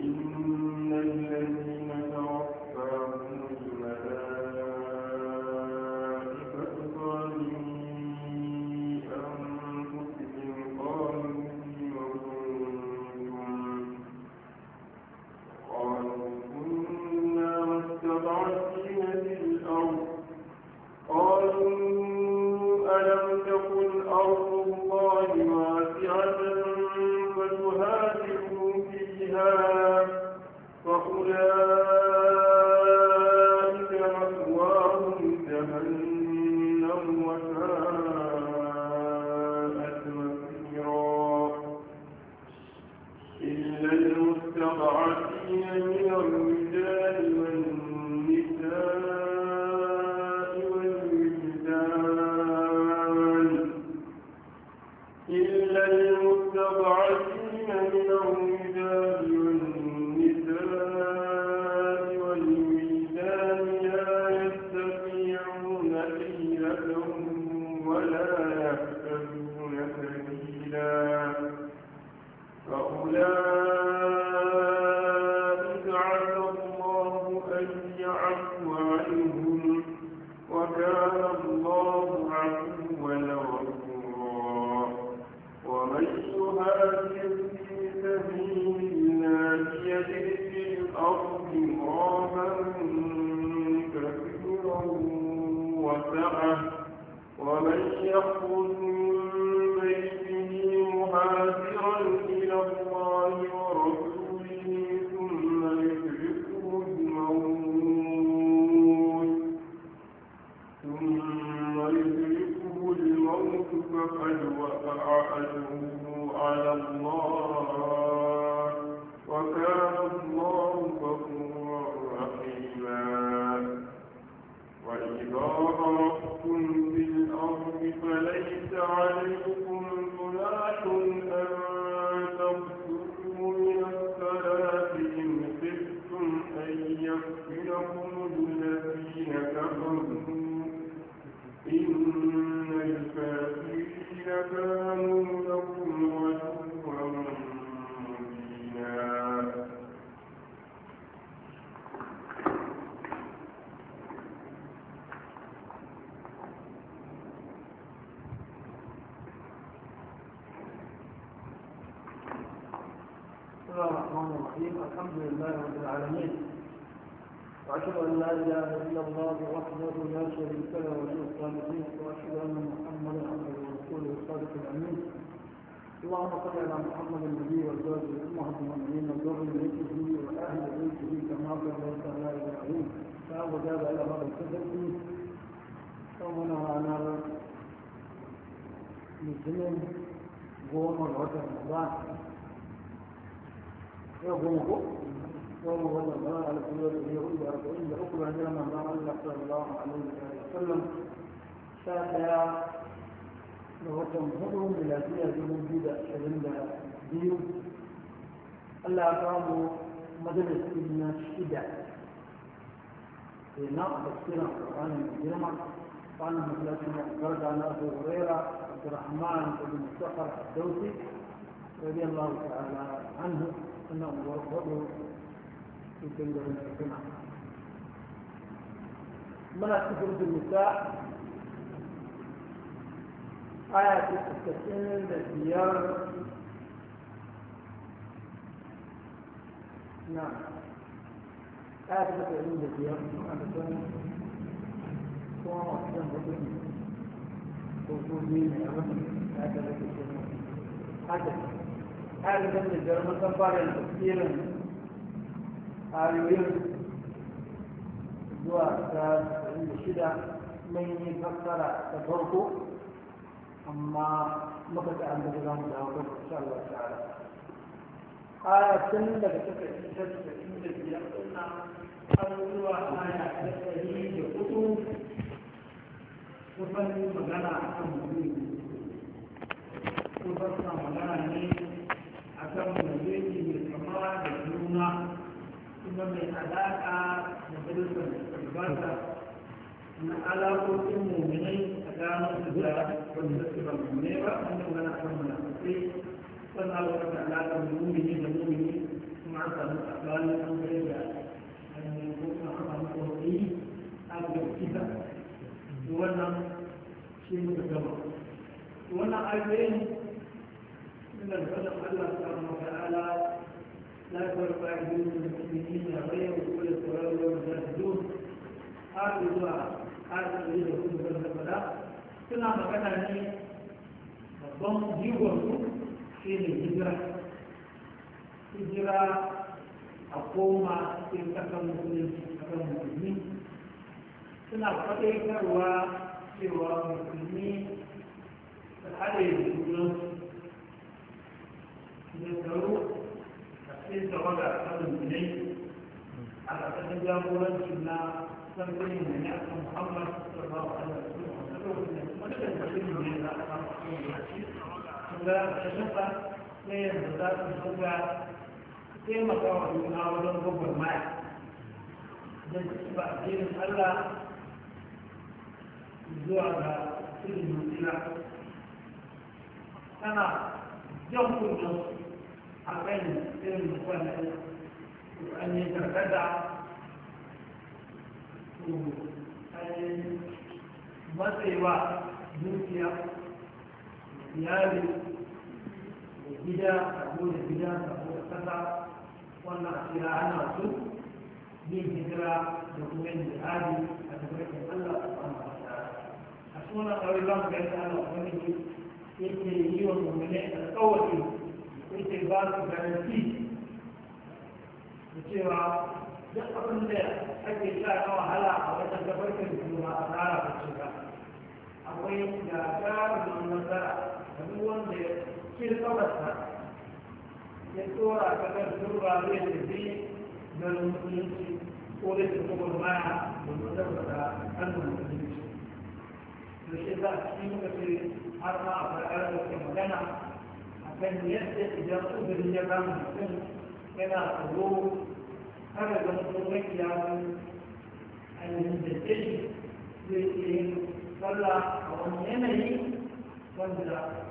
إن الذين الله أعلم مدن السنة شدة في نقل السنة القرآن المجرمة قال مثل السنة قرد عن أبو هريرة عبد الرحمن بن مصطفى الدوسي رضي الله تعالى عنه أنه ورفضه في كلمة السنة من أكثر النساء آيات التسعين للديار نعم آية تقولون بكيا أنا كان كما أحسن بكم وجودين أمام آية تقولون هذا هذا من الجرم كفارا كثيرا آيوين زوا تقولون شدة من يفسر تفرقه أما مقطع عند الله إن شاء الله تعالى aya tun daga suka isa da da biyar suna abubuwa aya ta ɗari da hudu su fanni magana a kan mutum su fassa magana ne a kan mutum mai kama da juna kuma mai alaƙa da darussan albasa na alaƙoƙin mummunai a gano su da wanda su ba mummune ba wanda magana kan munafukai wanda aka kasa alaƙar mumini da mumini kuma an samu saɓani an gare da hanyar ko kuma an samu kwanci an ga kisa wannan shi muka gama wannan ayoyin suna da fadar Allah subhanahu wa ta'ala la yarfa ayyuhum al-mu'minina wa yaqulu qawlan yuzaddu har zuwa har zuwa da kuma da fada suna magana ne babban jigon su shi ne hijira hijira a koma cikin ƙasar musulunci ƙasar musulmi suna faɗaitarwa cewa musulmi su haɗe da junansu da tsaro a cikin tawaga ta musulmi a ƙasashen jagorancin na sarfin da ne a kan muhammad sallallahu alaihi wasallam wani da mutum ne za a samu a cikin guda a shafa na yanzu za su shiga taimaka wa juna wajen gwagwar maya don su ba allah zuwa ga ilimin tsira tana jan kudin a kan irin wannan an yi an yi ba dukiya iyali da gida a da gida sabo kuma kasa wannan asira ana su yin hijira da kuma yin jihadi a tabbatin Allah subhanahu a ta'ala a sunan kawai za mu ga yadda ubangiji yake yi wa mummune alƙawari yake ba su garanti da cewa duk abin da ake sha na wahala a wajen gabar kan ba a tsara ba ce ba akwai gagarumin nasara duk wanda ya kirka masa ya tsora ka ga durra zai tafi da musulunci ko da ke kuma maya da musulunci da hannun musulunci da shi za a cikin muka ce har ma a farkar da ke magana a kan yadda idan uzuri ya kama mutum yana tsoro kada ga mutum makiya ainihin da ke zai iya yin sallah a wani yanayi wanda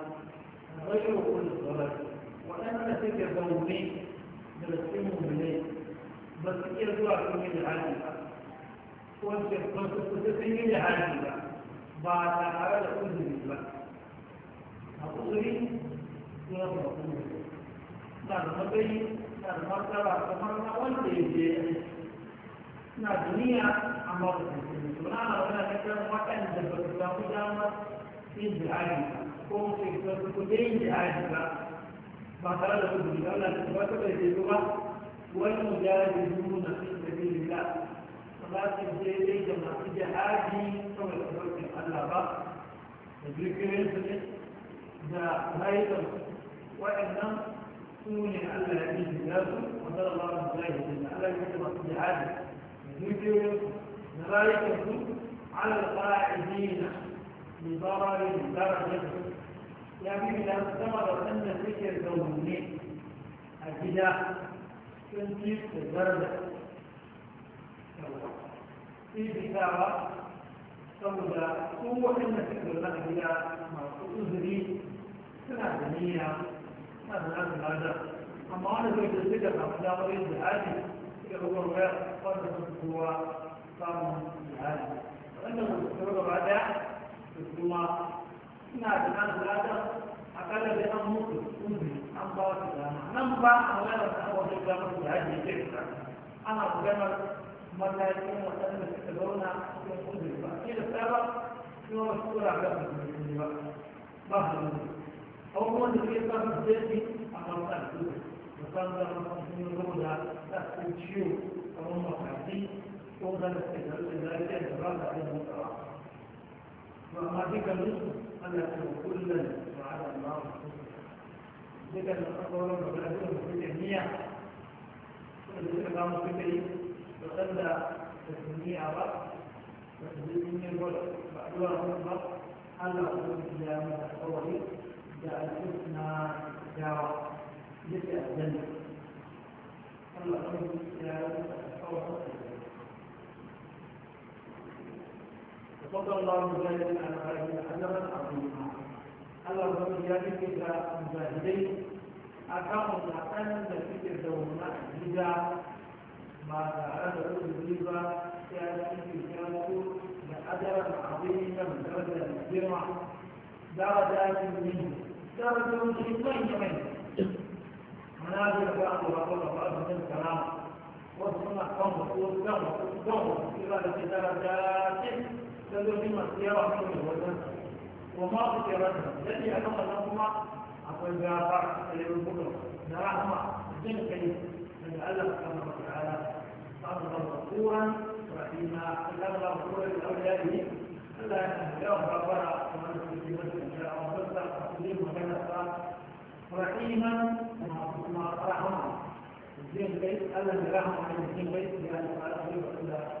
غير كل صلاة وأنا تكذبوني برسمهم إليه بس يرجع من العالم وانت تتسمي لعالم بعد أراد كل نسبة أقولي يوم أقولي نعم مبين نعم مرتبة كمان وانت يجي نعم دنيا أمر سبحان الله كان وكان ذكر الله في العالم ko mutum ya zo ko dai yin jihadi ba ba tare da gudu da Allah ta ba ta bai zai ba wani mujahidi zuwa na fi sabilillah ba ta daidai da masu jihadi saboda ɗaukin Allah ba da jirgin su ne da rayuwar waɗannan su ne Allah ya yi da su wanda Allah ya mujahidi da Allah ya yi masu jihadi da jirgin su da rayuwar su على القاعدين لضرر درجة يعني إذا افترض أن الذكر دوني أجداء كنتي الزردة في الكتابة سوداء هو أن الذكر الأجداء ما أزري سنة دنيا سنة دنيا أما أنا زوجة الذكر أفضل أريد بهذه الذكر هو غير قد هو صار بهذه وأنه استمر بعدها في الله suna da nan wadatar akalla da an mutu an ba su dama nan ba a wadatar da an wajen gama da haji ke da ana maganar matakin waɗanda suka zauna cikin kudin ba ke da tsaba kuma ba su tura ga mutum ba ba su mutu ko kuma da ke sa su jefi a matan kudin musamman وما بك النصر أنا كلا وعلى الله ذكر الأول وبعدهم في الجميع ذكر قام الفكري وخلى الجميع رأس وتدريبني الوجه وأدوار الرب على أصول الإسلام الأول جاء الحسنى جاء جزء الجنة الله أمر الإسلام الأول وصلى الله مجاهدا على هذه خير العظيمه عظيما اللهم بيدك الى المجاهدين اقاموا العقل التي تزورنا اذا ما تعرفه الربا كانت الكلام لأجرا عظيما درجة كبيرة درجات منه درجة شيطان كمان منازل بعض رسول الله من الكلام وصلنا كم وصول كم وصول كم إلى درجات salloli masu yawa kawai wajen wa ma ku ke rasa yadda ya kama nan kuma akwai gafa da yawan buga da rahama jin kai daga Allah subhanahu wa ta'ala sabu da kuran rahima Allah ba ku da auliyai Allah ya san yawan gafara kuma da su ji wasu da Allah ba su ji magana sa rahima kuma rahama jin kai Allah ya rahama jin kai ya Allah ba su da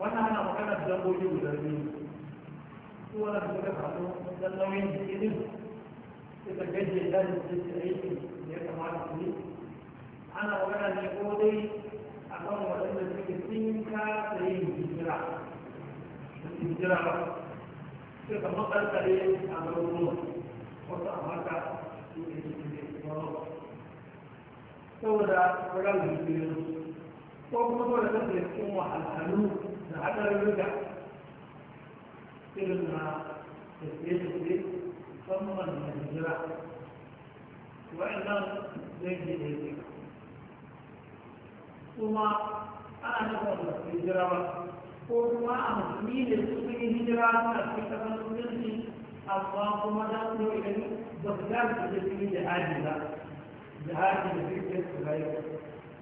wannan ana magana da dabbobi guda biyu su wannan da suka samu dan nauyin jikin suka gaje da jikin aiki da ya kamata su yi ana magana ne ko dai a kan waɗanda suke sun ka da yin hijira hijira ba suka makarkare a garuruwa wasu a maka su ne jikin saboda wurin hijirin وقلت ولا تدري الأمة الحلوك حتى لو يرجع كلمة تسليم تسليم ثم الهجرة وإلا زين الهجرة ثم أنا نقول الهجرة وما أمسلين السبيل هجرة في تفاصيل الله ما دخلوا إليه بغداد في جهاد الله جهاد في جهاد الله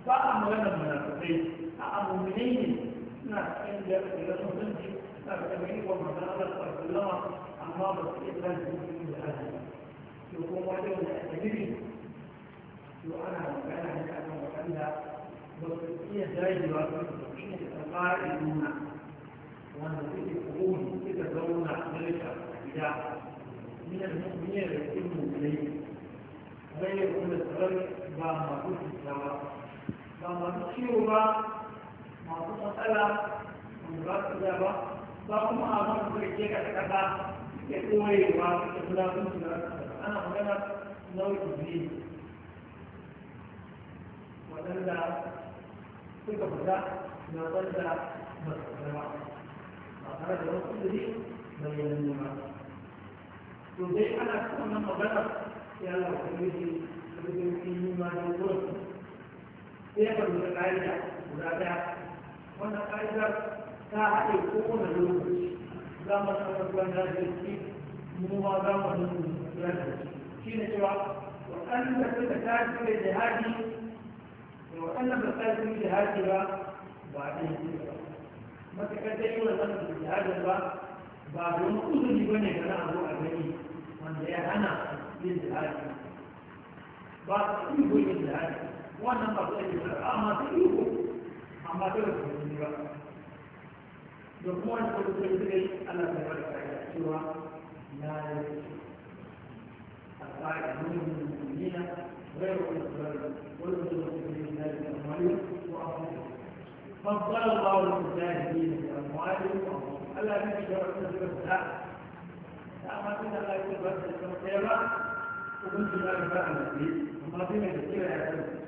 ba a magana munafikai a abubuwan ne suna cikin da ya da mutunci suna da kamar wa magana da sallama amma ba su iya zan da mutunci da hajji to kuma wani wani a tabiri to ana magana ne a kan waɗanda ba su iya dajewa su shi ne da tsari nuna wanda suke kowane suka zauna a gida من المؤمنين يتم إليه غير أن السبب مع معروف السواء ba masu ciwo ba masu matsala wanda ba su da ba ba kuma a ba su ke ka kasa ke koyewa da fulafin su da ana magana nau'in biyu waɗanda suka fita na wanda ba su fita ba ba tare da wasu kudiri bayyanin ba to dai ana kuma nan magana ya lafa kudiri da kudiri ma da wurin sai ya ƙa'ida guda ɗaya wannan ƙa'idar ta haɗe kowane lokaci za mu sanar ruwan daji mu ma za mu nuna ruwan daji shi ne cewa waɗanda suka tashi da jihadi da waɗanda ba tashi da jihadi ba ba a ɗaya ba matuƙar da yi wannan da jihadin ba ba domin uzuri ba ne ga na abu a gani wanda ya hana yin jihadi ba su yi goyin jihadi wannan ba zai yi ba amma su yi ko amma dole su yi ba da kuma wani kuma sai su yi ana da wani kaya cewa na yi alfa'ida انا yi mummina غير مستقر والوجود في الناس أموالهم وأنفسهم فضل الله المجاهدين بأموالهم وأنفسهم ألا تجد وتجد أما كنا لا يتبدل الخيرات وكنت لا يفعل به وما بين كثير يعلمون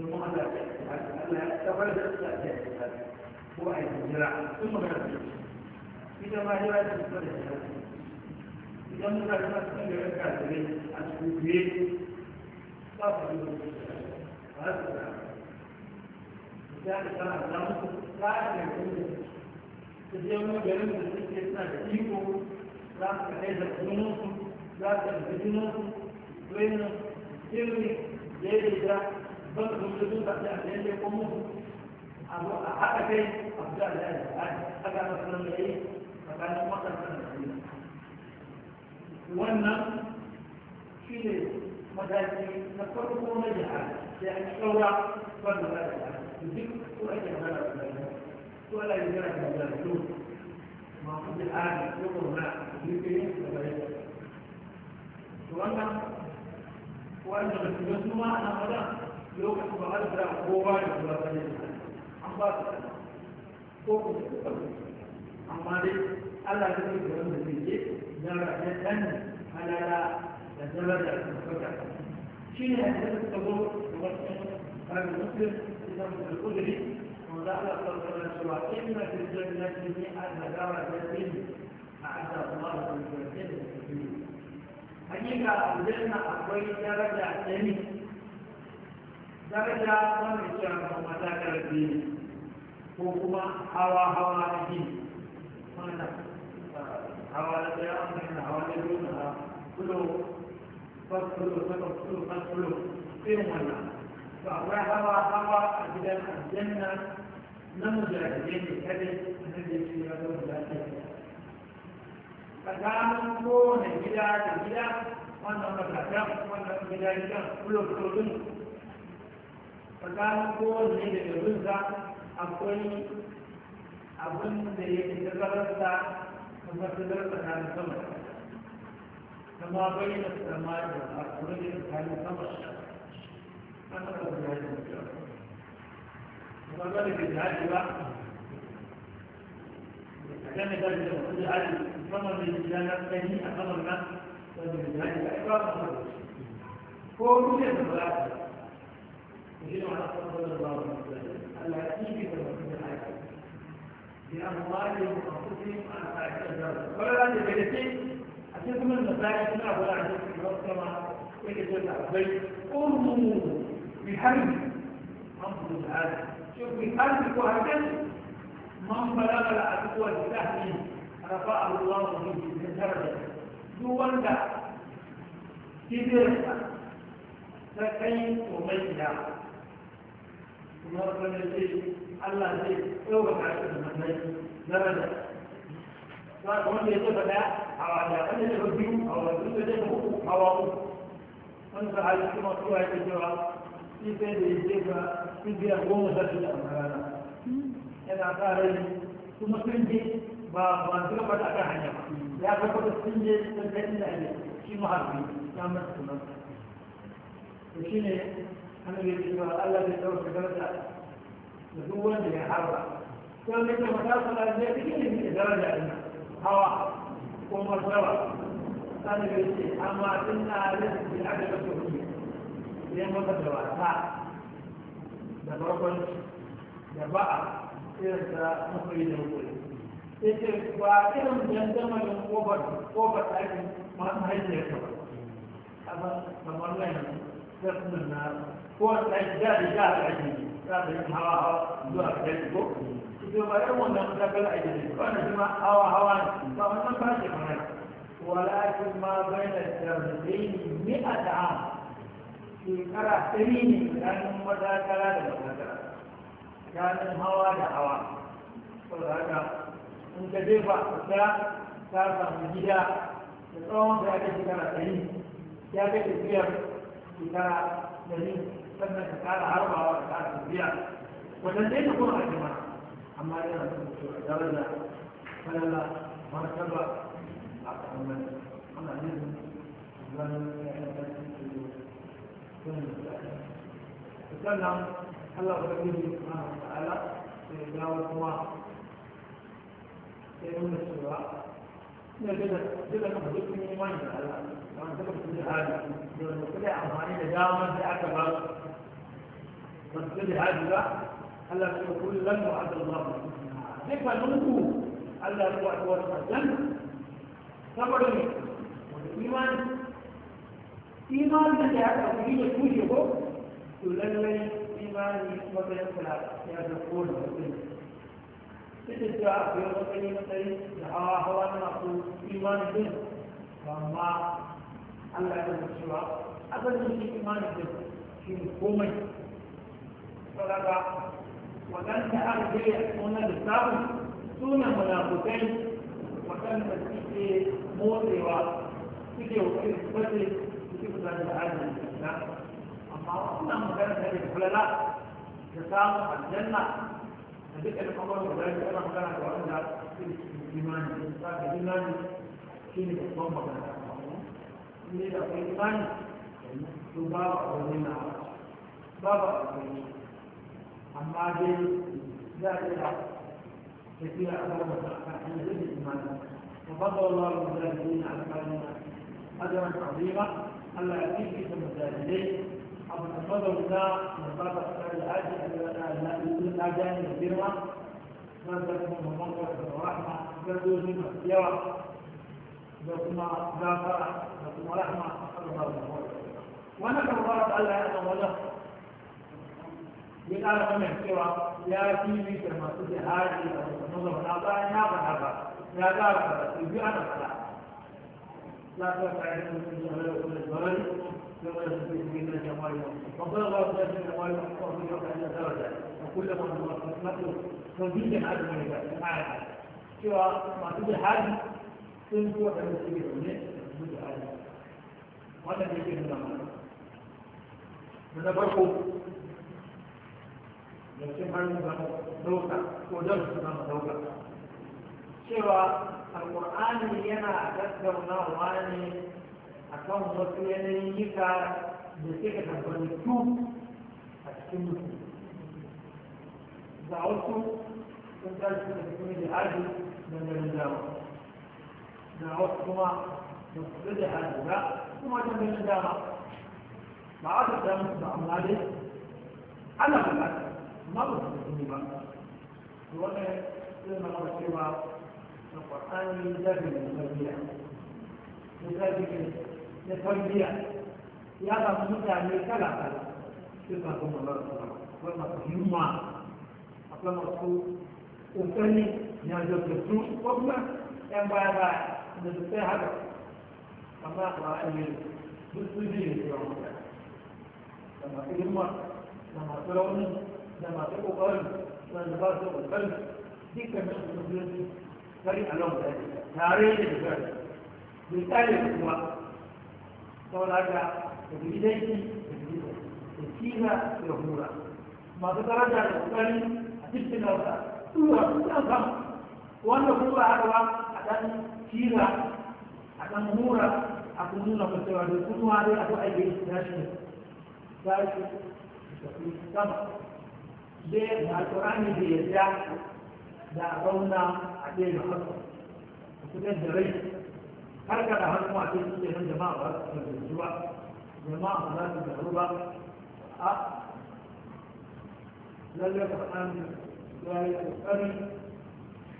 domin Allah ya da su a cikin ko a yi jira sun magana da shi ita ma ta ta kuma ta don da kuma sun kuma a haka kai a fita da a haka da sunan da waɗannan da wannan shi ne mataki na farko na jihar sai an ƙaura za a duk su ake da su ala yi jira da su ko da wannan wanda da su ma lokacin ba an da kowa da kula ta ne an ba su ko ku amma dai Allah ya yi da wanda zai na rayuwar ɗan halala da zama da tabbata shi ne a cikin sabo da wasu ƙarfi muslim zama da kudiri wanda Allah ta tsara cewa inna fil jannati mi'at hadara jannati a'adda Allah lil jannati da aljanna akwai daraja ɗari daraja wanda ke amfani matakar biyu ko kuma hawa hawa na biyu wanda hawa na ɗaya amfani da hawa na biyu na kulo faskulo sakaskulo faskulo irin wannan ba akwai hawa hawa a gidan aljanna na mujahidai ne kadai na da yake ya zo mujahidai tsakanin kowane gida da gida wannan matakan wannan gida gidan kulo kulo tsakanin kowanne da garinsa akwai abin da ya fi tazararsa kuma tazar tsakanin sama kama bai da sama da ba kuma da tsakanin sama an taɓa da yaji mutuwa kuma ba da gaji haji ba a kan da gaji da mutu da haji sama da ya na tsani a saman nan wanda gaji haji ba ba ko kuma da ba يجب على صلى الله عليه وسلم ألا تجد من الحياة لأن الله ينقصهم عن فاعل ولا أنت جلسين أتكم المسائل لا ولا عندك في الوقت كما يجب بل أرموا بحمد أمر العالم شوف بحمد وهكذا من بلغ العدو بسهل رفعه الله به من درجة دون كبر فكيف ميلا مرة شيء الله شيء لو بتعرف المنهج درجة فهم يتبدا أو على أن يربيه أو يربيه أو أو أنت على كم تروح تجوا في بيت يجيب في بيت قوم سجل أمرنا أنا أقارن ثم تنجي ما ما تلو قد أكاهنا يا كم تنجي تنجي تنجي شيء ما هذي نعم نعم وشيء annabi ya ce ba Allah zai dawo da daraja da duk wanda ya harba sai ne kuma ta fara da cikin da daraja din hawa ko martaba annabi ya ce amma inna lillahi wa inna ilaihi ne ka da wata da barkon da ba'a irin ta mafi da hukuri sai ce ba irin dandamalin kofar kofar ɗakin masu haifiyar ta ba kamar nan تقسم الناس هو الإعداد جاء العجمي كان يمحراها دون كذلك ثم يرمون ذاك العجمي وأنا جمع هوا هوا فمن فاتح هناك ولكن ما بين الترمذين 100 عام في كرة سليم لأن مذاكرة لمذاكرة كان هوا لهوا وهذا أنت ديفا أسرع كان من جدا تقوم بهذه الكرة سليم كانت تسير إذا دليل سمى تعالى أربعة وتعالى تبيع ودليل قرأ يا جماعة أما أنا درجة فلا مرتبة أتحمل أنا عليهم وسلم الله سبحانه وتعالى في دعوة الله يقول السورة ina da da da mutum wani da Allah wani da mutum da hali da mutum da amfani da dama da aka ba mutum da hali ba Allah ya kullu lan mu'adda Allah ne fa nuku Allah ya wa wa aljanna saboda ne iman iman da ya ka kuri da kushe ko to lallai imani wata ya kula ya da kowa da mutum إذا جاء في وطني مثلي لها هو الناس إيمان به فما الله يقول سوى أبدا في إيمان به في الكومي فلقى وكان تأرجي هنا بالسابق سونا منافقين وكان تسيكي موضي وسيكي وكيف بدل وكيف بدل العالم أما وصلنا مكانت هذه الحلالات تسامح الجنة هذيك اللي قبل ذلك أنا مكانك وأنا إيماني فهذا إيماني شيء يتطبق على إذا في إيماني تبارك ولنا بارك ولنا أما جل ذلك كثير أبوه عن ذلك الله المجاهدين على قلبنا أجرا عظيما ألا يأتيك ثم تجديه فضلنا من بعض أسرار الآجان الكبيرة نزل من المنطقة ورحمة نزل من السيارة لكما غافر لكما رحمة ونسأل الله تعالى أن وجه من أعلى من السيارة يا تيمي كما تجي هذه النظر من أعطاء نعم هذا يا غافر يجي أنا فلا لا تفعل من الجهل والجهل كما نسبه من جمال وبلغ ذات جمال وحفظه بأن درجة وكلما نقصنته فزيد على الملكات أعلى سوى معدود الحاج تنبو تنسبه من معدود الحاج وأنا بيجي من المعنى من برقو yaushe har akan wasu yanayin yika da suka tabbatattu a cikin mutum ga wasu sun tashi da cikin da aji da garin dama wasu kuma da kudu da aji ba kuma da garin dama ba a tattara musu ba amma dai ana bukata amma ba su da ba da wannan zai mana cewa da kwatsani zafi da zafiya da zafi da tarbiyya ya ba su mutane kala kala sai ka kuma ba su akwai masu himma akwai masu kokari ya zarta su ko kuma yan baya ba da su sai haka amma ba a yi duk su ji ne cewa mutane da masu himma da masu rauni da masu kokari wanda ba su kokari dukkan su sun zai kari a lawan da ya tare da shi misali kuma saboda da bi danki da kina da hura masu daraja da kokari a cikin nauta tura suna sama wanda kuma a gaba a dan kira a dan hura a kuma nuna mutuwa da kuma dai a kuma aiki da shi da shi da kuma sama kama da alƙur'ani da yadda da a zauna a ɗaya da haka da kuma da rai har kada hannu a cikin suke nan jama'a ba su fahimci ba jama'a ba za su gyaru ba a lallai ƙwaƙan ya yi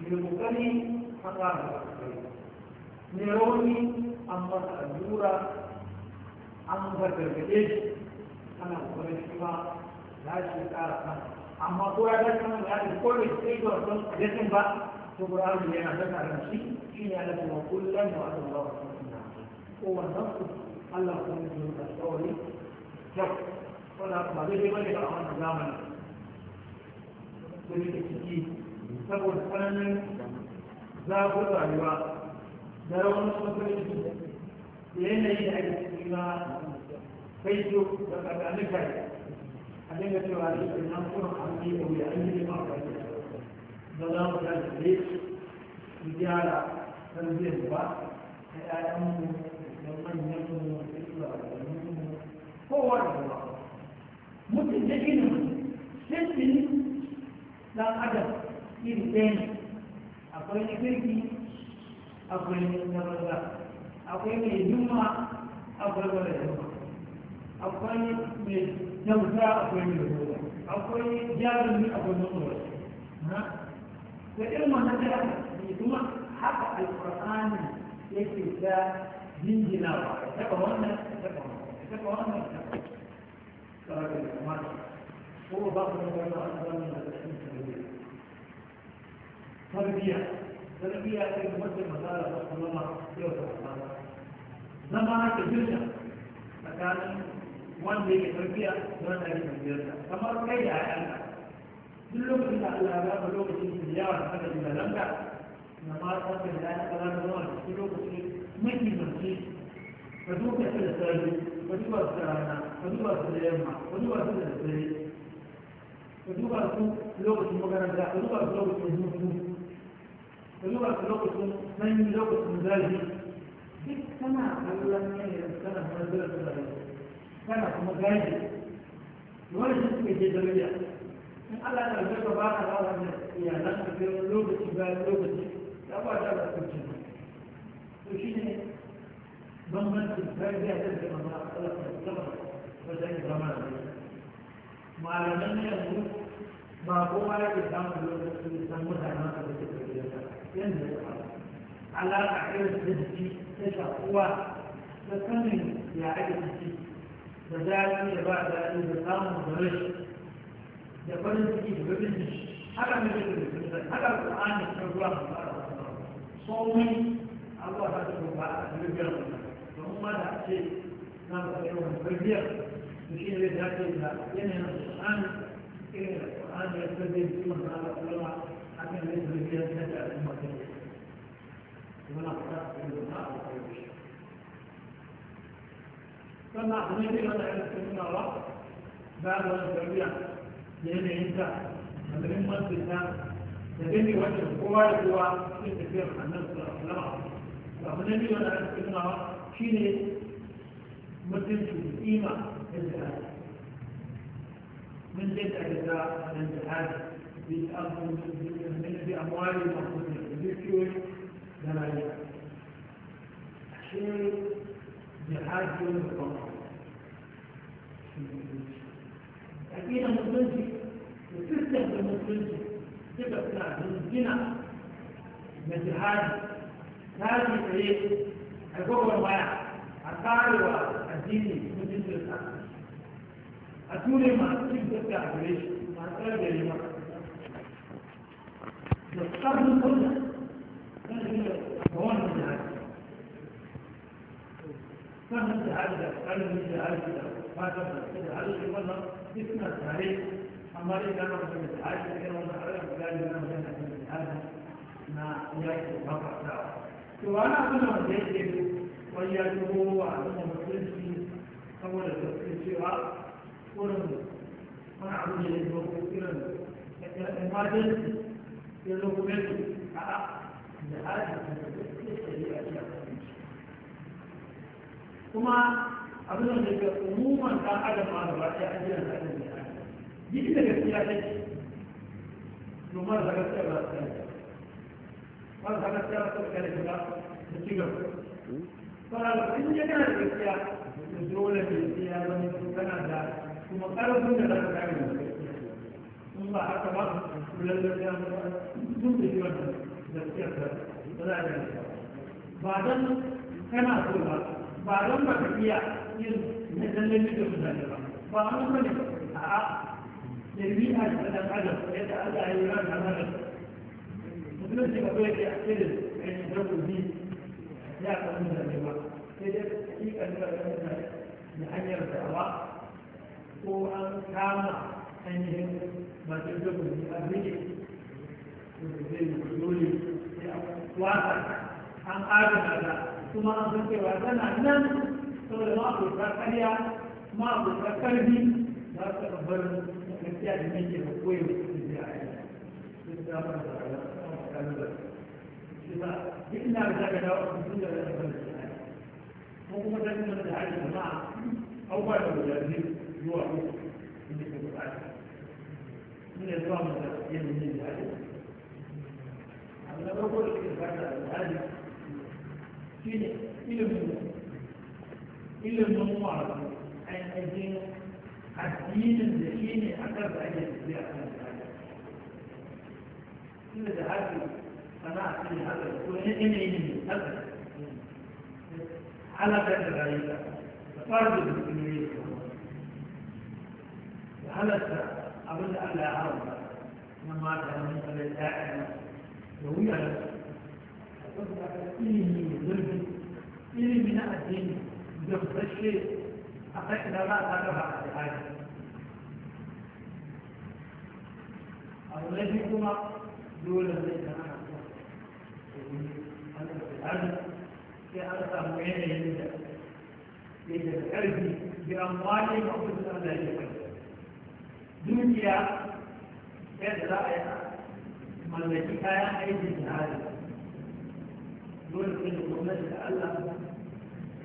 ƙoƙari mai ƙoƙari haka da ƙoƙari mai rauni an masa allura an ba gargaɗe shi ana ƙoƙarin shi ma za shi ƙara kan amma ko ya ga kan ya ko da shi ba don yakin ba to qur'ani yana da karanci shi ne Allah ya kullum wa Allah ko wannan Allah ko ne da tsawari to wala ba dai bane ba wannan zamani kun da ciki saboda kananan zafin rayuwa da rawan musulunci da yanayi da ake ciki na kai jo da tsakanin kai a dinga cewa ne nan kuma an yi da wuya an yi da ma'aikata ba za mu ta gare mu gyara ba ta ƴaƴanmu da manyanmu da su da mu kowa da kowa mutum da ilimin sai adam iri ɗaya ne akwai na kirki akwai na banza akwai mai yunwa akwai mara yunwa akwai mai dauka akwai mai roba akwai jarumi akwai mai roba da irin wannan da ne kuma haka alƙur'ani yake da jinjina ba ka taɓa wannan ka taɓa wannan ka taɓa wannan ka taɓa saboda da kuma ko ba ku da wani wani da ta shi tarbiyya tarbiyya tarbiyya ce da wata masala ta kuma yau ta kuma zama ta jirga tsakanin wanda yake tarbiyya da wanda yake tarbiyya kamar kai da ayyana duk lokacin da Allah ya ba lokacin da yawa da haka da lamba na ma ta da ya ta zama zuwa cikin lokacin mafi mace ka duka shi da sarari ka duba su da rana ka duba su da yamma ka duba su da dare ka duba su lokacin makaranta ka duba su lokacin hutu ka duba su lokacin sanyi lokacin zafi duk kana kallon yanayin kana kuma zira kana kuma gaji wani shi suke je da in Allah na zai ba ka ba wannan iyalan ka ga lokaci bayan lokaci ya ba ta da kuci to shine bambancin tarbiyya da da manzo Allah ta zama wajen zama da malaman yanzu ba kowa ya ke samun lokaci san mutanen da suke tarbiyya yanzu alaƙa irin da jiki ta shakuwa ta sanin ya ake jiki da daɗi da ba daɗi da samun da rashin da farin ciki da gudun haka ne da gudun haka al'ani da ruwa da fara tsohon abuwa ta su ba a jirgin domin ma da ake na da kai wani birgiyar da shi ne da ake da yanayin al'ani irin al'ani ya tsirgin cikin na al'ulama akan yin birgiyar da ta al'umma ta yi muna fata da yin ma'a da kai wuce sannan abin da ya zama da yin suna ba ba da wani birgiyar da yanayinta da muhimmancinta da gani wajen kowa da kowa sai tafiyar annan su a lama abu na biyu da ake tunawa shi ne mutunci da kima da jihadi من جد أجزاء من الجهاد من بأموال المخصوصين بالكيوش دمائية شيء جهاد يوم القمر أكيد مسلمتي وتفتح بمسلمتي تبقى ممكنة مثل هذه هذه الطريق الجوهر واحد القاري والديني ممكن تلقى أتولي ما تجيب تفتح بريش ما تلقى لما نستقبل كلنا هون من هذا فهم هذا قلب هذا fatar da suke tare amma dai gana mutum da hali da irin wannan na mutum da mutum da hali wa al'umma musulunci saboda tafsir cewa wurin wani abu ne ya zo irin a kuma abin da ke umuman ɗan adam ma da baki an jiran da adam ya yi da gaskiya take domin da gaskiya ba za ta ba da gaskiya ba ta kare ta da ci gaba fara da in ya da gaskiya da dole ne ya zama kana da kuma ƙarfin da za ka kare da gaskiya ba haka ba kullum da ya zama sun da yawan gaskiya ba za a yi ba don kana so ba ba don ba ka iya irin na kallon da mutane ba ba a nan bane a adam yadda Allah ya yi ran da adam mutum ce ba bai da irin ɗan ya da ne ba sai dai da ɗan da'awa ko an kama ainihin masu dabbobi a a wasa an adana da kuma an tana nan saboda ma ta karya ma ta karbi za su tabbar gaskiya da nake da koyo da su da ayyuka sun da ba da rayuwa shi ba duk ina da daga dawo a cikin da zai bar da ko kuma da kuma da hali jama'a abubuwa da guda biyu zuwa uku inda ke bukata inda zuwa mu da yin yin da hali abu na farko da ke bukata da hali shi ne ilimin إلا المعارضة أن أجين حسين الزكين أكبر أجل في أكبر إذا هذا صناع في هذا وإن إن على بعد غريبة فرض بالكمية وحلت أبدا أبدا أبدا لما كان من قبل الآخر لو يعرف فقد أكبر إلي من الدين gamsashe a kan idan za a saka ba a jihari abu na biyu kuma dole zai kana a kuma wani jihari sai an samu yanayin da yake da ƙarfi bi amfani da kuma sun da ya fai dukiya yadda za a yi mallaki kayan aikin jihari dole sai da gwamnati da Allah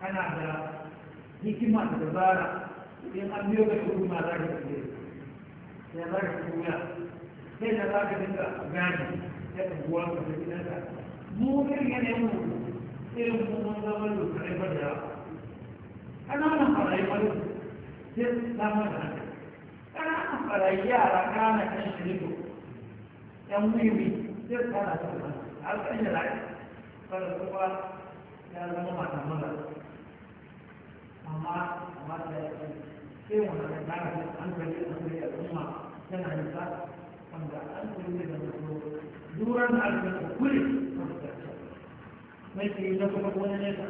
kana da hikima da dabara idan an biyo ga shuru ma za ka tsaye sai za ka tsuya sai da za ka dinga gani ya buwa ka da gidanka mu irin ne mu irin mu mun zama da kare ba da na farayi ba sai samun da haka ƙananan farayi yara kana kan Ya yan wiwi sai kana da haka ya haka fara kuma ya zama mata mara amma amma da sai wannan da gara da an bari da kuma da umma tana da ba wanda an kuma da mutum duran da aka kure mai ke da kuma wani ne da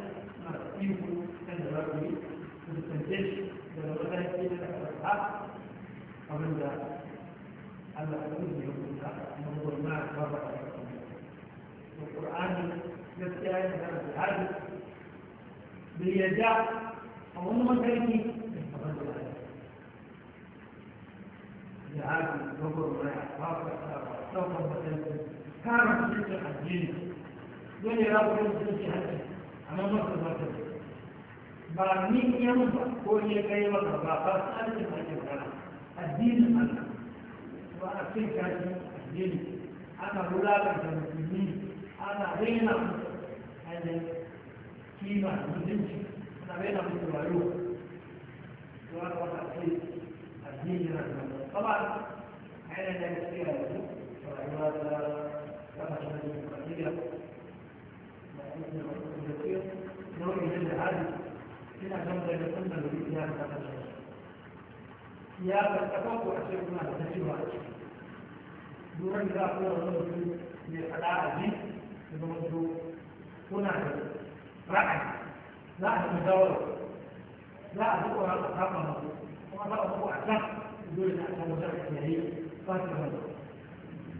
iko kan da ba ku yi da tantance da da wata ke da ta abinda Allah ya yi da kuma amma wannan ba ba da Qur'ani gaskiya yana da hadi bai yadda a wani mataki da haka dogon raya ba ka tsara ɗaukar mataki kara cikin addini dole ya kuma cikin hajji amma masu zata ba ni yan ba ko ne kai maka ba ba tsarin hajji kana addinin Allah ba a cikin kashi addini ana wulaƙanta musulmi ana raina musu kima mutunci سمعنا مثل معلوم سؤال وتأصيل الدين لنا طبعا على ذلك فيها وعبادة كما شهدت المقدمة كثير نوع من العدل من أجل أن يكون الإسلام كما يا التفوق أشياء ما تسيرها دون ذا أقول لكم من الحلاء الدين لمنذ هنا رعد za a tafi shawara za a zuwa a saba masu kuma za a zuwa a kan dole na kan wata yayi ba ta wani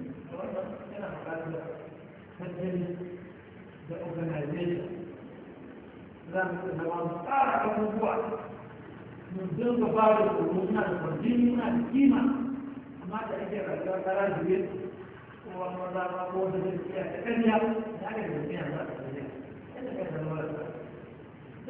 yana bukatar tattali da organization za mu iya zama mu tsara abubuwa mu dinga ba da tsoro muna da kwarjini muna da kima amma da ake rayuwa kara jiye kowa ma za ma ko da zai iya ta kanya da aka da zai iya za ta kanya yadda ka zama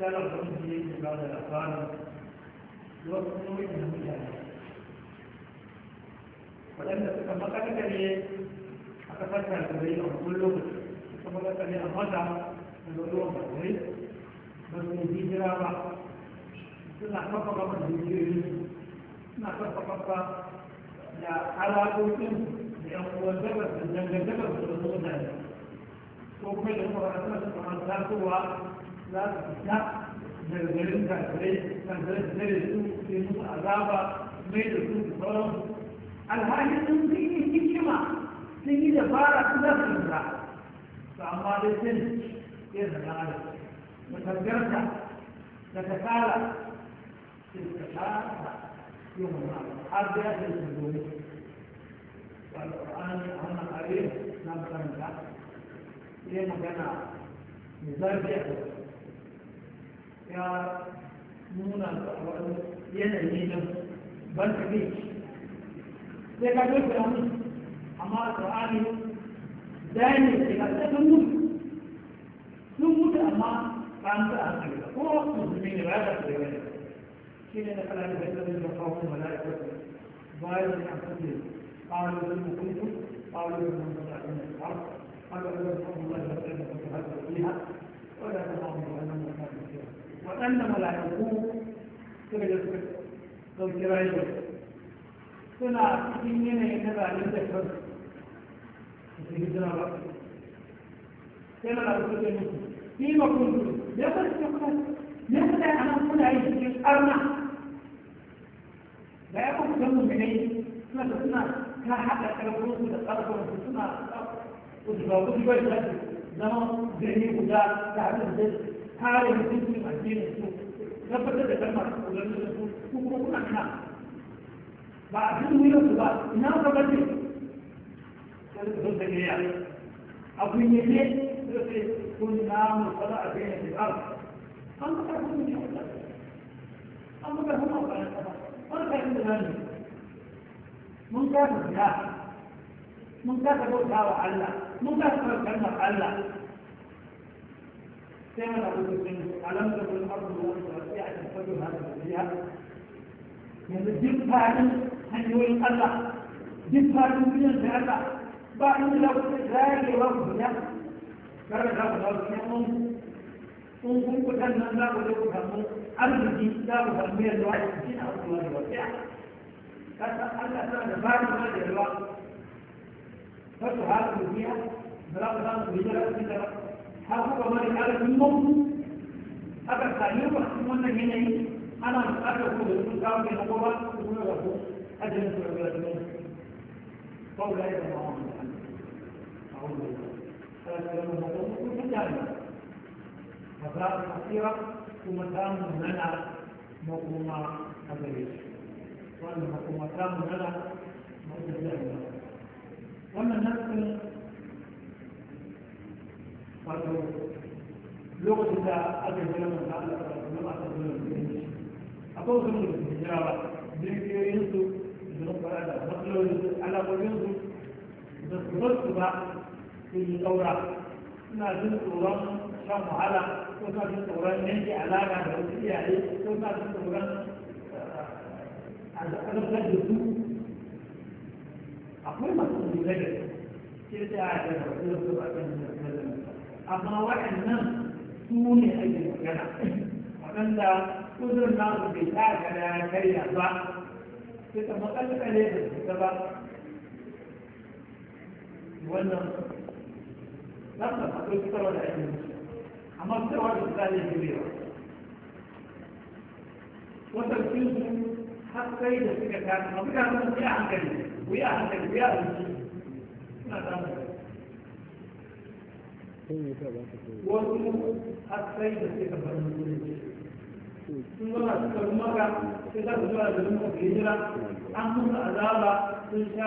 كان الحمد لله بعد الأفعال يوصل منه إلى waɗanda suka makaranta ne a kasar talibai a wani lokaci suka makaranta ne a mata da zuwa talibai ba su ne hijira ba suna kafa kafa da hijiyoyi suna kafa kafa da alaƙoƙin da yan uwan dabar da dangantakar su da zuwa talibai ko kuma da kuma a kasar su kamar tasowa za su fita daga garin kafirai su azaba mai da su da sun yi hikima sun yi dabara su za su to amma dai sun yi da na'ada da tangarta da kasala sai suka tsara yin wani har da ya kai sun gobe والقرآن أما قريب نبقى نبقى إيه مجمع مزاجة ya nuna da wani yanayi na ban da sai ka doka da mutu amma ƙur'ani zai ne ga tsakan mutu sun mutu amma an ta hankali ba kuma musulmi ne ba ya ta da shi ne na kala da zai zai kawo kuma la'a ko bayan da aka ce ƙawar da mu kuntu ƙawar da mu kuntu a cikin ƙawar ƙawar da mu kuntu a cikin ƙawar ƙawar da mu kuntu a cikin ƙawar waɗannan mala'iku suka je suka ɗauki rayuwa suna cikin yanayi na zanen da kan su yi jira ba sai mala'iku suka yi musu ni ma kuntu ya kwanci kuka ya kuka a nan kuna yi cikin arna da ya kuma san mummunai suna da suna ta haɗa ƙarfinsu da ƙarfinsu suna ƙarfinsu ba kuma ba zama gani guda ta kare mutuncin addinin su tabbatar da kalmar kullum da su su kuma kuna kana ba a cikin wurin su ba ina ka bace sai su da ne a kunye ne sai sai kun na mu fara a bayan al-ard an ka karbu ne an ka karbu ne ba wani karbu da nan mun ka mun ka bauta wa Allah mun ka karbu kalmar Allah سمع ألم تكن الأرض واسعة فجرها فيها يعني جيب فاعل هنقول الله جيب فاعل من الله بعد لو تزاج ربنا كرجع ربنا in kun fitan nan za ku je ku samu arziki za ku samu yadda wa shi na arziki wani wasiya kasa Allah tana da ba ma da ruwa ta su haɗu biya da za ku samu biya da su har haka mara ƙarfin mamu aka sami ba cikin wannan yanayi ana buƙatar ku da sun kawo kai na kowa su kuma ga ku ajiyar su da gudanar ba ku laifin ba wani a wani فذات حقيرة حكومتان لنا مقومة أبريش وأن حكومتان لنا مقومة أبريش وأن نفس farko lokacin da aka yi zama da Allah ta kuma ba ta zuwa da shi akwai wasu da jira ba jirgiyoyin su da su fara da matsalolin su alaƙoƙin su da su rasu ba su yi tsaura suna jin tsoron shan wahala ko suna jin tsoron yanke alaƙa da wasu iyaye ko suna jin tsoron eh, a da su akwai masu lura da su ke da ya da wasu da su ba kan da amma waɗannan su ne ake magana waɗanda kudin nasu bai ta gada ya karya ba suka makalkale da suka ba wannan zaka akwai fitarwa da ake musu amma fitarwa da suka ne jirewa wasarfin su har sai da suka kasa mafi kasa su yi hankali ku yi a hankali ku yi a hankali suna samun wasu har sai da suka bar musulunci sun zama suka rumaka sai za su zuwa da zama da hijira an musu azaba sun sha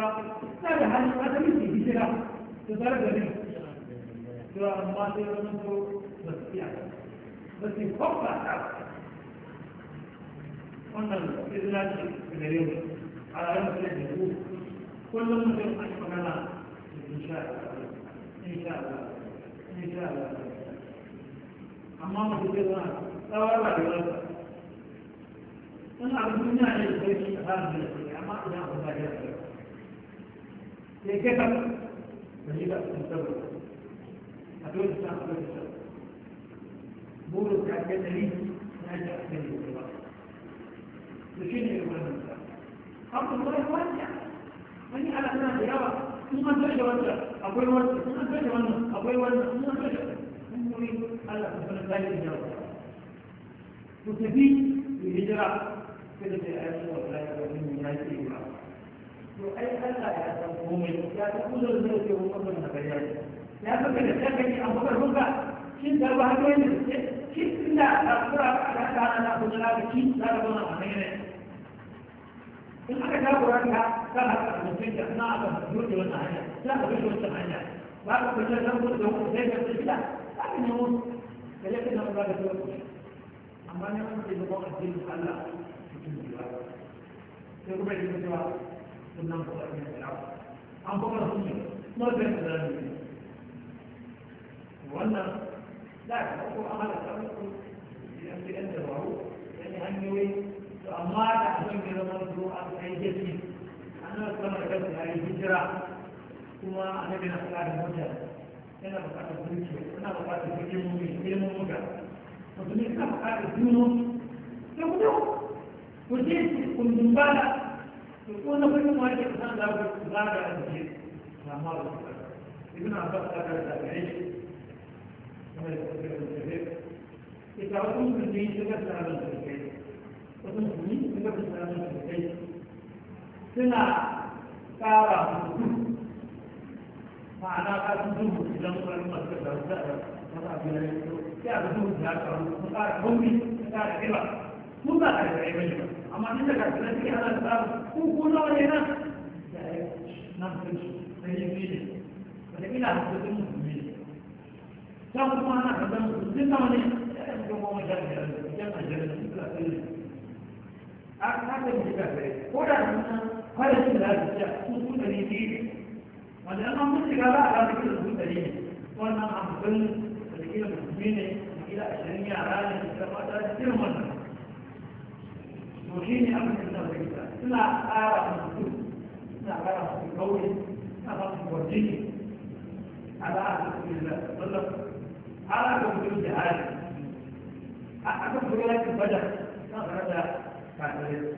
ta da hannun asali su hijira su bar gari to amma sai zama to ba su iya ba su kwakwa ta wannan izina ce gare mu a ranar da ke kullum mutum a shi magana sun sha Allah insha Allah amma mutum zai zama tsawon rayuwarsa in abin duniya ne da sauki a tsarin da sauki amma ina abu ta yi sauki sai kai kan da shi da sun sabo a dole sa a dole sa burin ka kai dari na ji a yi da ba da shi ne wannan sa abu da wani wani ana suna da yawa in an zai da akwai wannan in an kashe wannan akwai wannan in an kashe hanyoyi Allah ta sanar da yin jawo ku tafi ku hijira kada ta yi aiki wa Allah ya wani ya ce ba to ai Allah ya san komai ya san kuzar da ke wannan na gariya ya san kada ta kai an buga ruka shin da ba hanyoyin da ke shin da ta kura ka ta ana kuzar da ki za ka zauna a nan in aka takura ka za ka mutunta na aka mutunta wannan hanya za ka fito wata hanya ba ka fito nan ko da wani zai ga gida za ka nemo ka je kana kula da kai amma ne an ce ba addinin Allah cikin jiwa sai kuma yake cewa sunan ko da ne an kuma da sunni kuma da da ne wannan za ka ko amala ta ko yan da da wawo yan hanyoyi amma da abin da zama zuwa a kai yake annabi sallallahu alaihi wasallam ya yi hijira kuma annabi na faɗa da mota yana buƙatar zuciya yana buƙatar ilimi ilimin muga musulmi suna buƙatar dino sai ku dawo ku je ku dumbala ku ko na farko ma yake kusan za ku zaga a jiki na ma da suka ibn abbas ta ga da gare shi kuma da kuma da gare ke ta wasu musulmi suka tsara da kai wasu musulmi suka tsara da kai suna ƙara musulmi ma'ana ka dubu idan wani masu da wasu da masu abin da ya ga dubu da ka rubu ka fara kauri ka fara kiba mun ba ka da rai bane amma duk da kasu nan ana da ku ku nawa ne nan nan sun sai yi ne da ina da kudin musulmi kan kuma ana da zan musulmi nawa ne ya yi kuma wani jami'ar da ya kan jami'ar da suka sai ne a kasar da suka sai ko da sun nan kwarin da za su ci a cikin kudin ne wanda an mun shiga za a ga da sun dare wannan abin da kila musulmi ne kila ashirin yara ne da fata da wannan to shi ne abin da zai fita suna ƙara musu suna ƙara musu kauri suna ba su gwaji ala da sallallahu ala ga mutum da hali a aka fura yakin bada na fara da kafirai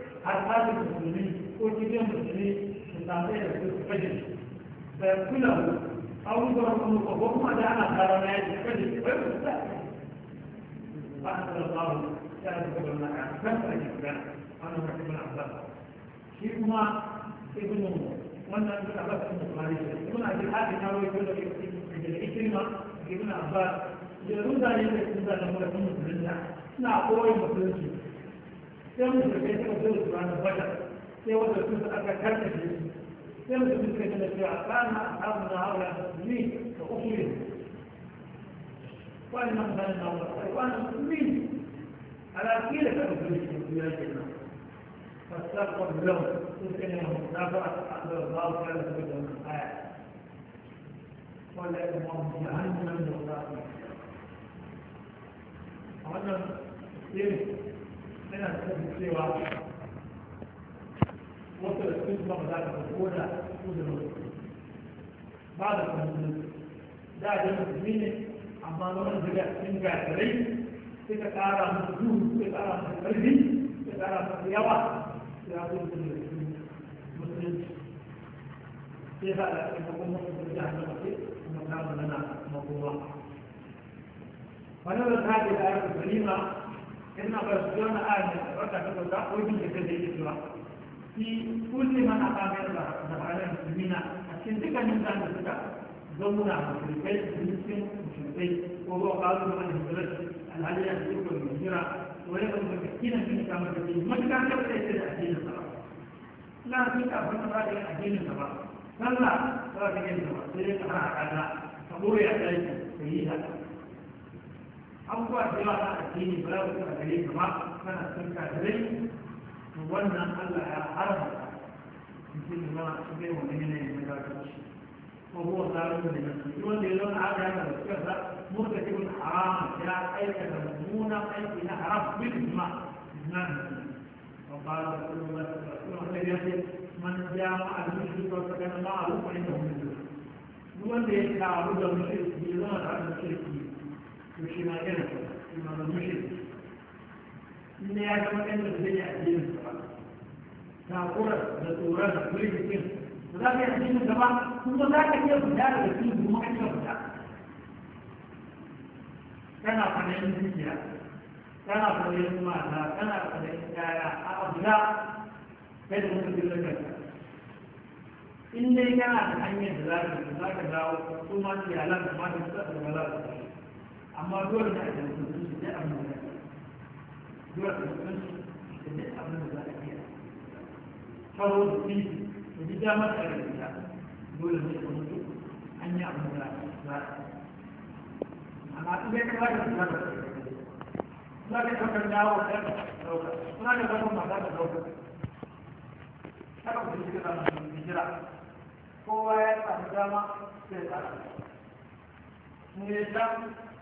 har kafin musulmi ko kibiyar musulmi su samu da su kaje da kula abubuwan kuma ko kuma da ana tsara na yaki kaje bai ku sa ba a tsara tsawo ya da kuma na ka kan tsara ki ga an ka kuma na tsara shi kuma ibnu wannan da ba su musulmi ibnu abi hadi na wai dole ke da ikrima ibnu abbas da rudani da kuma da musulmi na koyi musulunci sai mutum kai suka zai su ranar bada sai wanda su aka karkashe sai mutum kai da cewa kana ashabu na haula ni ka usuli wani nan bani na haula wani min ala kila ka usuli shi ya ke nan فاستغفر لهم تلك لهم نفعت احد الله كان تبدا من الايه ولا يؤمن جهنم من الله أولا yana da cewa wasu da cikin kuma ba za ka ko da su da wani. ba da kuma da da musulmi ne amma na wani daga cikin gasirai sai ka ƙara musu duhu sai ka ƙara musu ƙarfi sai ka ƙara musu yawa sai ya zo musulmi musulunci sai ka da cikin kuma su da hannun mace kuma ta zama na makowa. Wani da ta ke da ayyukan salima ina ba su zo na ayyana da barka ta bauta ko jin da zai yi zuwa fi kulle mana kamar da zabarar musulmina a cikin dukkanin zan da suka zauna musulmai musulmai musulmai ko ba ƙazo da wani musulmai alhali ya ce ko mai jira ko ya zama da kina shi kamar da ke matuƙar da ta yi da ake sa ba ina fi ka fata ba da addinin sa ba sallah ba da yin sa ba sai dai ka hana a ka ka ɓoye a ɗaki ka yi haka abubuwa da yawa na addini ba za ku taɓa gare ka ba kana son ka to wannan Allah ya haramta mutum ya zama cikin irin wannan yanayin na gagarci kuma kowa da nan duk wanda ya zauna aka yana da cikin sa mota cikin haram ya aikata mummunan aiki na haram bin jima na وقال رسول الله صلى الله عليه وسلم من جاء مع المشرك وسكن معه فانه من دون. دون ذلك تعبد المشرك بدون هذا المشرك to shi ma yana shi ma ba mushi in ya zama kan da zai yi addinin sa takura da tsoron da mulkin ba za ka yi addinin sa ba kuma za ka iya fita daga cikin kuma an ka fita kana fanayin dukiya kana fanayin mata kana fanayin kaya a abu da kai da mutum da kanka in dai kana da hanyar da za ka za ka dawo su ma iyalan da ma da su da ba za su amma dole ne a jansu da abin da dole da abin da za a iya da da ji damar a dole ne ta mutu an yi abin da za a amma kama da su za dawo da suna da mata da haka kuma shi hijira kowa ya samu dama sai tsara ne ta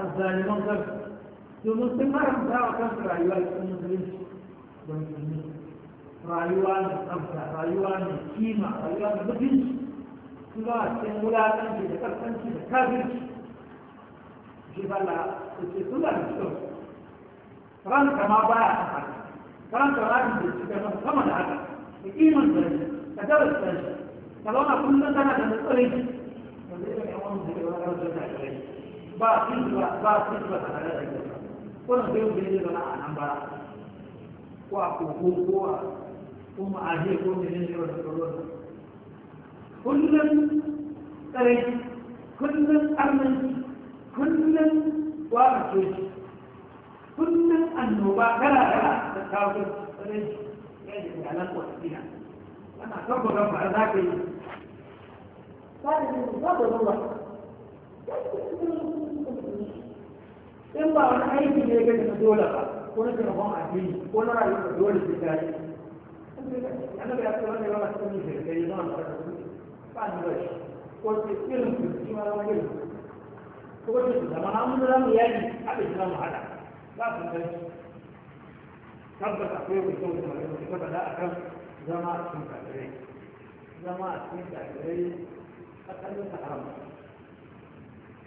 الظالمون كفر domin sun haramta wa kansu rayuwa cikin musulunci don musulmi rayuwa ne tsabta rayuwa ne kima rayuwa ne mutunci su ba a cikin wulaƙanci da ƙarfanci da kafirci shi bala su ce suna da kyau ranka ma baya kan haka ranka ma da ke cikin masu sama da haka da kiman da shi ka darasta shi ka zauna kullum kana da matsalai wanda ya yi wani da ya wani da ya ba silba ba silba ta da ita na sai mun ne zama a nan ba ko a koko ko a kuma a je ko ne ne wannan ruwan kullum tsare kullum armanci kullum wa coci kullum annoba kala kala da kawo tsare ya ji da nan ko tsina ana tabbata ba za ka yi ba da ba da in ba wani aiki ne ga ta dole ba ko na taimakon addini ko na rayuwa dole sai ta yi annabi ya ce wanda ya ba cikin shi da zama da ba ni ba shi ko irin su shi ma zama irin ko su zama na mun zama yaji abin da mu hada ba su kai tabbata akwai mutum da mai tabbata da kan zama cikin kafirai zama cikin kafirai a kan haram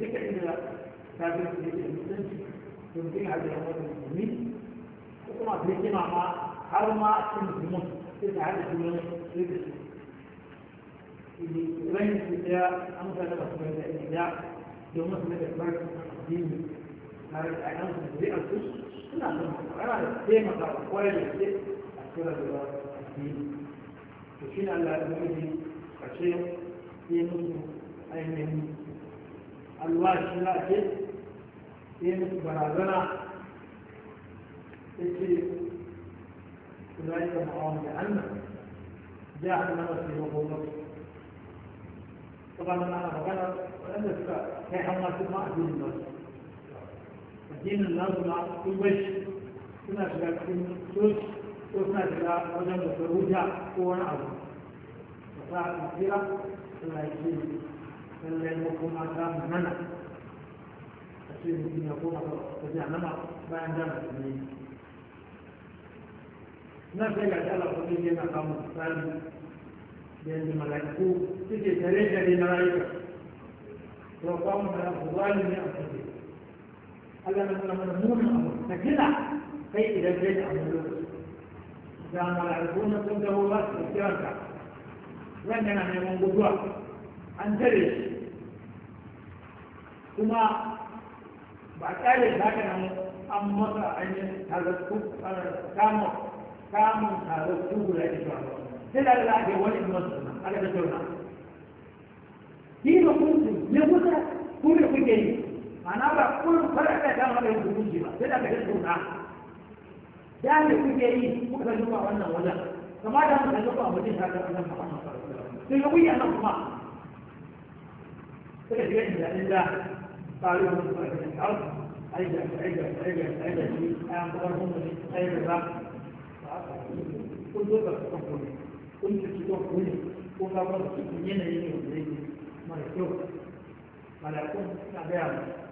الذكر إلى ثابت المسلم يمكن على الأموات المسلمين وكما تلقي معها حرمة المسلمون تسعى الجنون يدرس اللي يبين الفتاة أمثال بسمية الإبداع يوم مثل الإخبار الدين هذا الأعلام في الزريقة الكل كلها تنمو أنا ليه مطار ولا ليه أكثر الدين وشين على المؤمنين الشيخ في نصف أي من alwashi na ke ya musu barazana ya ce kuna yi kama awon da annan ja a kuma masu yi makonar kuma nan ana magana waɗanda suka kai hamma su ma addinin nasu addinin nasu ma sun bashi suna shiga cikin soci ko suna shiga wajen da ko wani abu da sa a tsira suna yi lallai ko kuma samu mana a ce mutum ya koma ta jahannama bayan da musulmi na sai ga Allah ko ne yana samu tsari da yanzu malaiku suke tare tare na rayuwa to ko mu da zalimi a cikin Allah na nuna mana mun abu ta kila kai idan kai da abu da na neman guduwa an tare kuma ba a tsare da nan an masa an yi talattu samun samun talattu guda da shi sai da Allah ya wani masu aka da tauna ni ba kun ne kusa kuma ne kuke yi ana ba kuma fara da dama da hukunci ba sai da ka tauna da ne kuke yi kuka san duka wannan wajen kama da mun san duka wajen ta kan Allah Muhammad sallallahu alaihi wasallam sai ku yi annabi kuma sai da yadda قالوا في الأرض عجل عجل عجل عجل أمرهم غير الرب كنت تقول كنت تقول كنت أقول ينا ينا ينا ملكوك ملكوك نبيع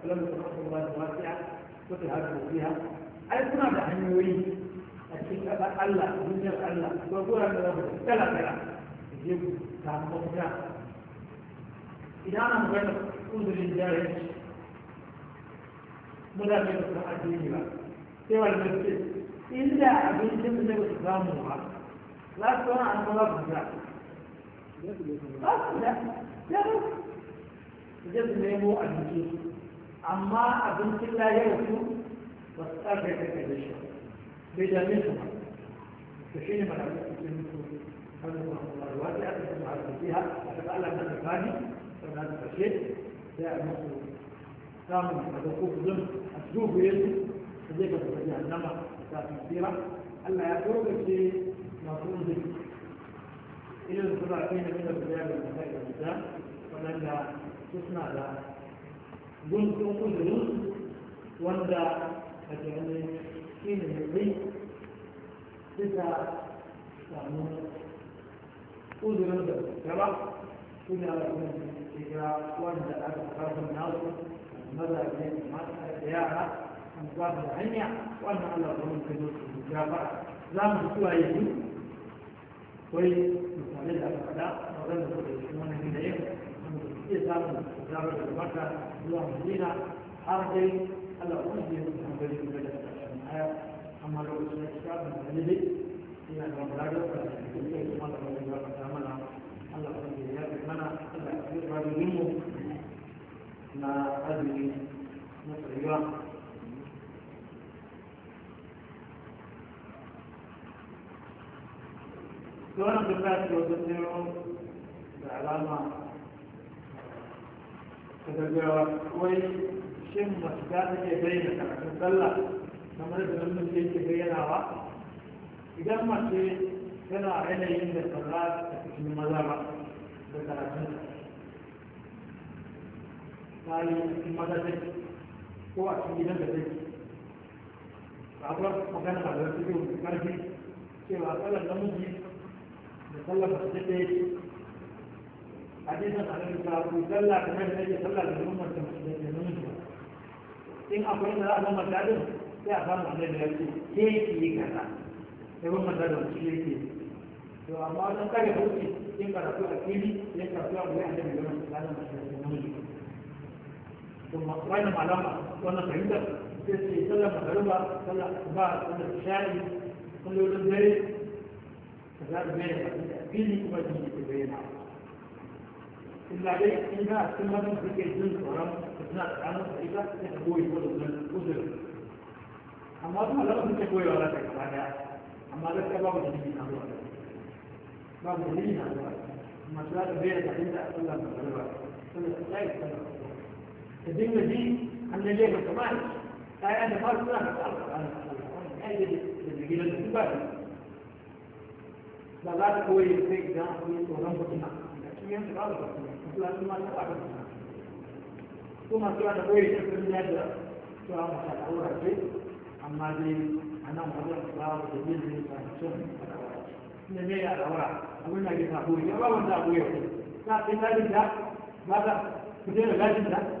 لم تكن الله واسعة وتهاجم فيها أي كنا بحنوي أكيد الله دنيا الله وقول أن الله كلا كلا يجيب كان مجنون إذا أنا مغنى أنظر الجاهل mu da bai san addini ba sai wannan ce inda abincin da ba su samu ba za su wani an ba su za su da ya ba su nemo abinci amma abincin lahiyar su ba su tsarka da kai da shi bai dame su ba ta shi ne mana cikin mutu kan zuwa Allah ta yi a cikin ma'aikatiya a ta ƙalar da ta fadi sannan ta fashe sai a samun daga kofin azubiyin da zai gaba da jihannama da kafin tsira Allah ya tsorace masu mutum irin suna kai na mina da yadda da kai da guda waɗanda suna da guntun kudurin wanda a jihannun shi ne mai bisa samu kudurin da gaba suna da kuma wanda aka karfin nasu mazaje mata da yara an ba da hanya wannan Allah ba mun kazo su gafara za mu zuwa yanzu wai misalai da aka faɗa magana da suka yi wannan gida yau an iya samun da mata zuwa madina har dai Allah ba mun yi wannan da da aya amma lokacin da kuma ba yi مع أبني مصرية سؤال بالذات يوزنه بعلامة فتبقى كوي شم مصداقك بينك عشان تلا kamar da nan mutum yake bayyanawa idan mace tana yanayin da ba za ta cikin maza ba da karatun ta yi cikin maza take ko a cikin gidan da take sabuwar magana da wasu yau da karfi cewa tsallar namiji da tsallar da take da yake hadisan a nan ta ku tsalla kamar da take tsalla da namar da namiji in akwai da za a zama dadin sai a samu annabi ya ce ke yi kaza sai ban mata da wasu to amma kare in a fili ya a da wannan alama wannan fahimta sai ce sallar magariba dare ka za su bayyana a fili kuma ji da suna tsakanin su da uzurin kuma zama suke goyewa za ta gaba daya amma الذمة دي عاملة ليه كمان أنا خالص أنا أنا أنا اللي جينا نتبادل لا لا تقول يسيك ده أقول ورم بطنا لكن يمكن هذا بطنا لا تسمع تبع بطنا ثم سوى أنا قوي يسيك من هذا سوى ما شاء الله رجل أما دي أنا مهضر أصلاح وجميل من فانشون من مية على ورع أقول لك أبوي يا رب أنت أبوي لكن هذا ماذا بدينا لازم ده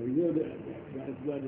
we know that, that